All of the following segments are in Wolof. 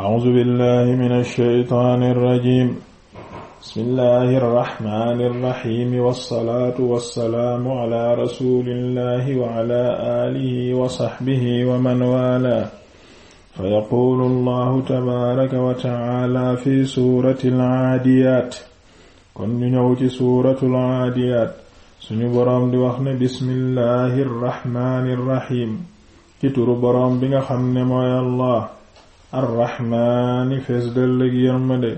a'uuzu billahi mina shaytaani rajiim bismillahi rahmaani rahiim wassalaatu wassalaamu ala rasuulillahi wa ala aalihi wa sahbihi wa man waalaahu fayaquulu allahu tabaaraka wa ta'aala fi suuratil aadiyaat kon ñu ñëw ci suuratul aadiyaat suñu boroom di wax ne bismillahi rahmaani rahiim ci turu boroom bi nga xam ne mooy allah arraxmaani fees dellëg yërmande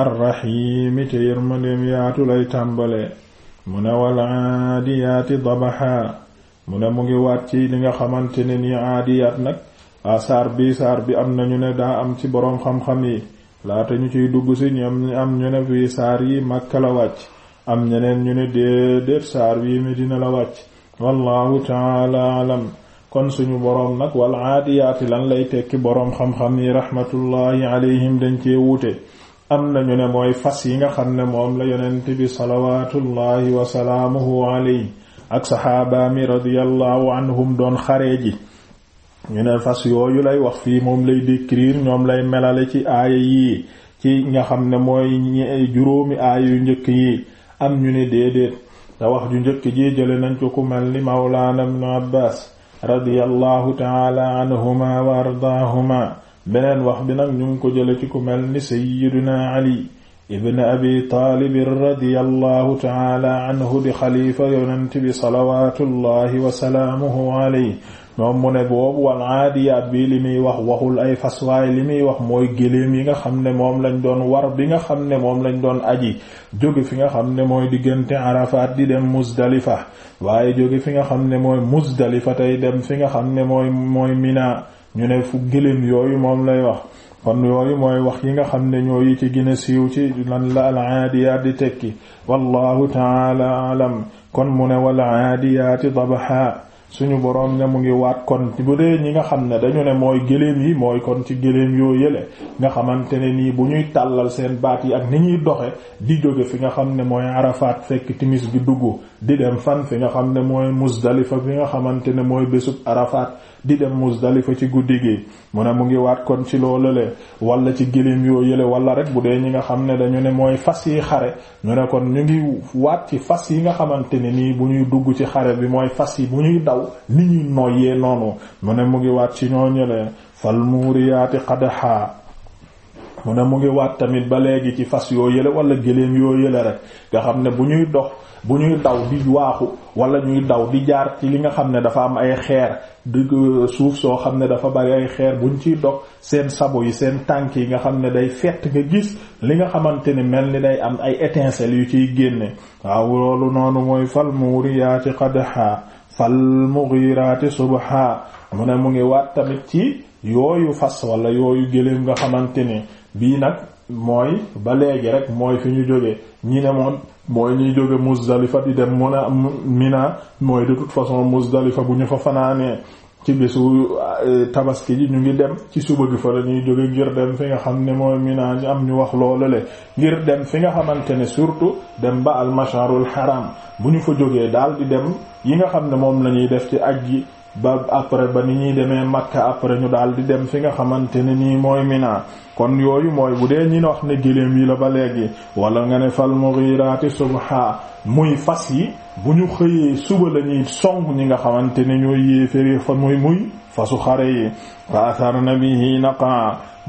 arraxiimi te yërmandeem yaatu lay tàmbale mu ne wal aadiyaati dabaxaa mu ne mu ngi waat ci li nga xamante ne ni aadiyaat nag asaar bi saar bi am nañu ne daa am ci boroom xam-xam yi laata ñu ciy dugg si ñu am ñu ne fii saar yi Makka la wàcc am ñeneen ñu ne déedéet saar yi Medina la wàcc wallahu taala alam kon suñu boroom nag wal aadiyaati lan lay tekki boroom xam-xam yi rahmatullahi alayhim dañ cee wuute am ñu ne mooy fas yi nga xam ne moom la yonent bi salawaatullahi wa salaamuhu alayhi ak saxaabaami radiyallahu anhum doon xaree ji ñu ne fas yooyu lay wax fii moom lay décrire ñoom lay melale ci aaya yii ci nga xam ne mooy juróomi aaya yu njëkk yi am ñu ne déedéet te wax ju njëkk ji jële nañ ko ku mel ni mawlaana ibnu abbaas radiyallahu taala anhuma wa ardaahuma beneen wax bi nag ñu ngi ko jële ci ku mel ni sayyiduna ali ibn abi taalib radiyallahu taala anhu di xalifa yonent bi salawaatullahi wa salaamuhu alayhi moom mu ne boobu wal aadiyaat bi li muy wax waxul ay fas li muy wax mooy géléem yi nga xam ne moom lañ doon war bi nga xam ne moom lañ doon aji jóge fi nga xam ne mooy diggante Arafat di dem Muzdalifa waaye jóge fi nga xam ne mooy Muzdalifa tey dem fi nga xam ne mooy mooy Mina ñu ne fu géléem yooyu moom lay wax kon yooyu mooy wax yi nga xam ne ñoo yi ci gën a siiw ci lan la al aadiyaat di tekki wallahu taala alam kon mu ne wal aadiyaati dabaha suñu boroom ne mu ngi waat kon bu dee ñi nga xam ne dañu ne mooy géléem yi mooy kon ci géléem yoo yële nga xamante ne nii bu ñuy tàllal seen baat yi ak ni ñuy doxe di jóge fi nga xam ne mooy Arafat fekk timis bi dugg di dem fan fi nga xam ne mooy Muzdalifa fi nga xamante ne mooy bésub Arafat di dem Muzdalifa ci guddi gi mu ne mu ngi waat kon ci loolu le wala ci géléem yoo yële wala rek bu dee ñi nga xam ne dañu ne mooy fas yi xare ñu ne kon ñu ngi waat ci fas yi nga xamante ne nii bu ñuy dugg ci xare bi mooy fas yi bu ñuy daw daw ni ñuy noyyee noonu mu ne mu ngi waat ci ñoo ñële fal muuriyaati qadaha mu ne mu ngi waat tamit ba léegi ci fas yoo yële wala géléem yoo yële rek nga xam ne bu ñuy dox bu ñuy daw di waaxu wala ñuy daw di jaar ci li nga xam ne dafa am ay xeer di suuf soo xam ne dafa bari ay xeer buñ ciy dog seen sabo yi seen tànk yi nga xam ne day fett nga gis li nga xamante ni mel ni day am ay étincelles yu ciy génne waaw loolu noonu mooy fal muriyaati qadha fal mughirati subha mu ne mu ngi waat tamit ci yooyu fas wala yooyu gëléem nga xamante ne bii nag mooy ba léegi rek mooy fi ñu jóge ñi ne moom mooy ñuy jóge Muzdalifa di dem mun a Mina mooy de toute façon Muzdalifa bu ñu fa fanaanee ci bisu euh, tabaski yi ñu ngi dem ci suba gi fa la ñuy jóge ngir dem fi nga xam ne mooy Mina ji am ñu wax loolu le ngir dem fi nga xamante ne surtout dem ba al masharul bu ñu fa jógee daal di dem yi nga xam ne moom la ñuy def ci aj gi ba après ba ni ñuy demee Makka après ñu daal di dem fi nga xamante ne nii mooy miinaa kon yooyu mooy bu dee ñu ñi wax ne gëléem yi la ba léegi wala nga ne fal mughirati subha muy fas yi bu ñu xëyee suba lañuy song ñi nga xamante ne ñooy yéeféri fa muy muy fasu xare yi fa atharna bihi naqa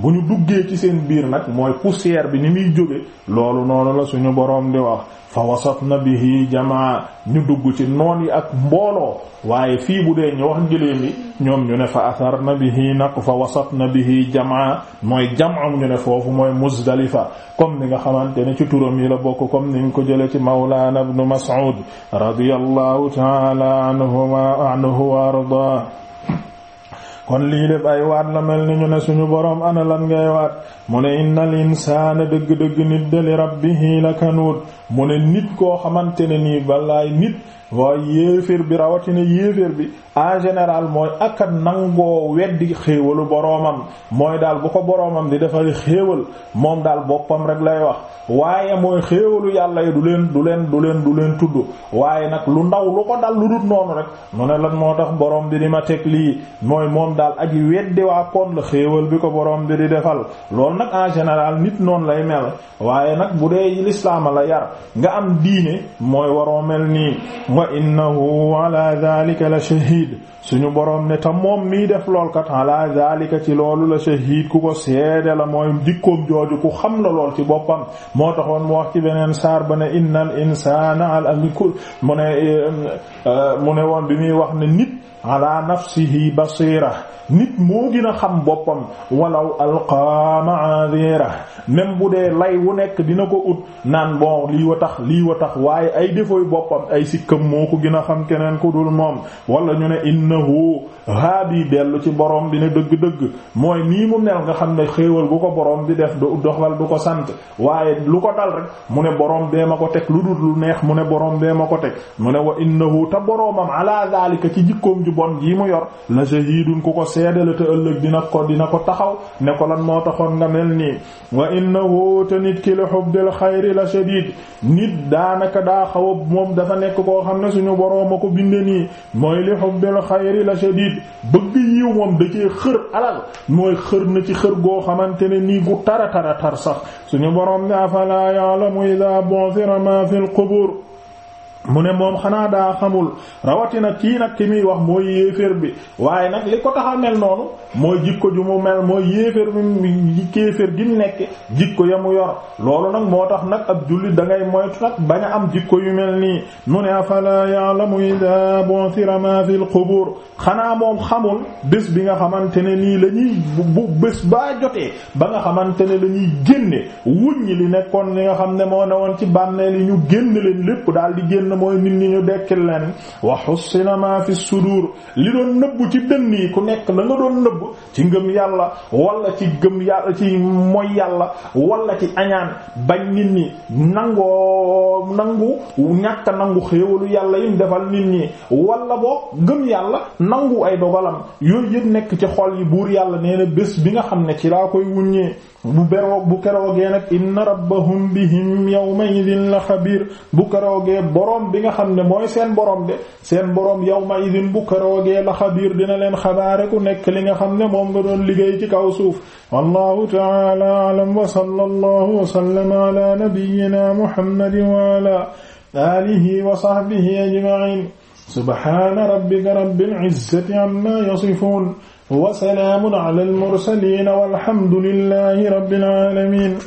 bu ñu duggee ci seen biir nag mooy poussière bi ni muy jóge loolu noonu la suñu boroom di wax fa wasatna bihi jamaa ñu dugg ci noon yi ak mbooloo waaye fii bu dee ñu wax gëléem yi ñoom ñu ne fa atharna bihi naq fa wasatna bihi jamaa mooy jamam ñu ne foofu mooy Muzdalifa comme ni nga xamante ne ci turam yi la bokk comme ni nga ko jële ci Mawlana ibn Mas'ud radiyallahu ta'ala anhu wa arda kon lii de ay waat la mel ni ñu ne suñu boroom ana lan ngay waat mu ne innal insaana dëgg-dëgg nit de li rabbihi lakanuut mu ne nit koo xamante ne nii wallaay nit mooy yéeféer bi rawatina yéeféer bi en général mooy ak a nangoo weddi xéewalu boroomam mooy daal bu ko boroomam di defari xéewal moom daal boppam rek lay wax waaye mooy xéewalu yàlla yi du leen du leen du leen du leen tudd waaye nag lu ndaw lu ko dal lu dut noonu rek mu ne lan moo tax boroom bi di ma teg lii mooy moom daal aji weddi waa koon la xéewal bi ko boroom bi di defal loolu nag en général nit noonu lay mel la nga am diine mooy waroo mel nii wa innahu ala dhalika la shahid suñu boroom ne ta moom mii def loolkat ala dhalika ci loolu la shahid ku ko seede la mooy jikkoom jooju ku xam la lool ci boppam moo taxoon mu wax ci beneen saar ba ne innal insana ala likul mu ne mu ne woon bi muy wax ne nit ala nafsihi basira nit moo gën a xam boppam walaw alqaa ma'adira même bu dee lay wu nekk dina ko ut naan bon lii wa tax lii wa tax waaye ay defooy boppam ay sikkam moo ko gën a xam keneen ku dul moom wala ñu ne innahu haabi dellu ci borom bi ne dëgg-dëgg mooy nii mu mel nga xam ne xéewal gu ko boroom bi def du doxal du ko sant waaye lu ko dal rek mu ne borom bee ma ko teg lu dul lu neex mu ne boroom bee ma ko teg mu ne wa innahu te boromam ala zalika ci jikkoom ju bon jii mu yor la shahidun ku ko seede la te ëllëg dina ko dina ko taxaw ne ko lan moo taxoon nga mel nii wa nit daanaka daa xaw a moom dafa nekk koo xam ne suñu boroom a ko binde nii mooy li hubbil xayri la shadid bëgg yiw moom da cee xër alal mooy xër na ci xër goo xamante ne nii gu tara tara tar sax suñu boroom ne afala ya'lamu idha bu'thira ma fil qubur mu ne moom xanaa daa xamul rawatina kii nag ki muy wax mooy yéeféer bi waaye nag li ko tax a mel noonu mooy jikko ju mu mel mooy yéeféer bi kéeféer gi mu nekk jikko ya mu yor loolu nag moo tax nag ab jullit da ngay moytu nag bañ a am jikko yu mel nii mu ne afala ya'lamu idha bu'thira ma fil qubur xanaa moom xamul bés bi nga xamante ne nii lañuy ñuy bu bés baa jotee ba nga xamante ne lañuy ñuy génne wuññi li nekkoon li nga xam ne moo newoon ci bàmmeel yi ñu génn leen lépp daal di génn benn mooy nit ñi ñu dekkil leen wa hussina ma fi sudur li doon nëbb ci dënn yi ku nekk la nga doon nëbb ci ngëm yàlla wala ci gëm yàlla ci moy yàlla wala ci añaan bañ nit ñi nangoo nangu ñàkk nangu xéewalu yàlla yim defal nit ñi wala boo gëm yàlla nangu ay dogalam yooyu yëpp nekk ci xool yi buur yàlla nee na bés bi nga xam ne ci laa koy wuññee bu beroo bu keroogee nag inna rabbahum bihim yawma idin la xabiir bu keroogee boroom borom bi nga xam ne mooy seen borom de seen borom yawma idin bu keroogee la xabiir dina leen xabaare ku nekk li nga xam ne moom nga doon liggéey ci kaw suuf wallahu ta'ala a'lam wa sallallahu wa sallama ala nabiyyina muhammadin wa ala alihi wa sahbihi ajma'in subhana rabbika rabbil izzati amma yasifun wa salamun ala al mursalin walhamdulillahi rabbil alamin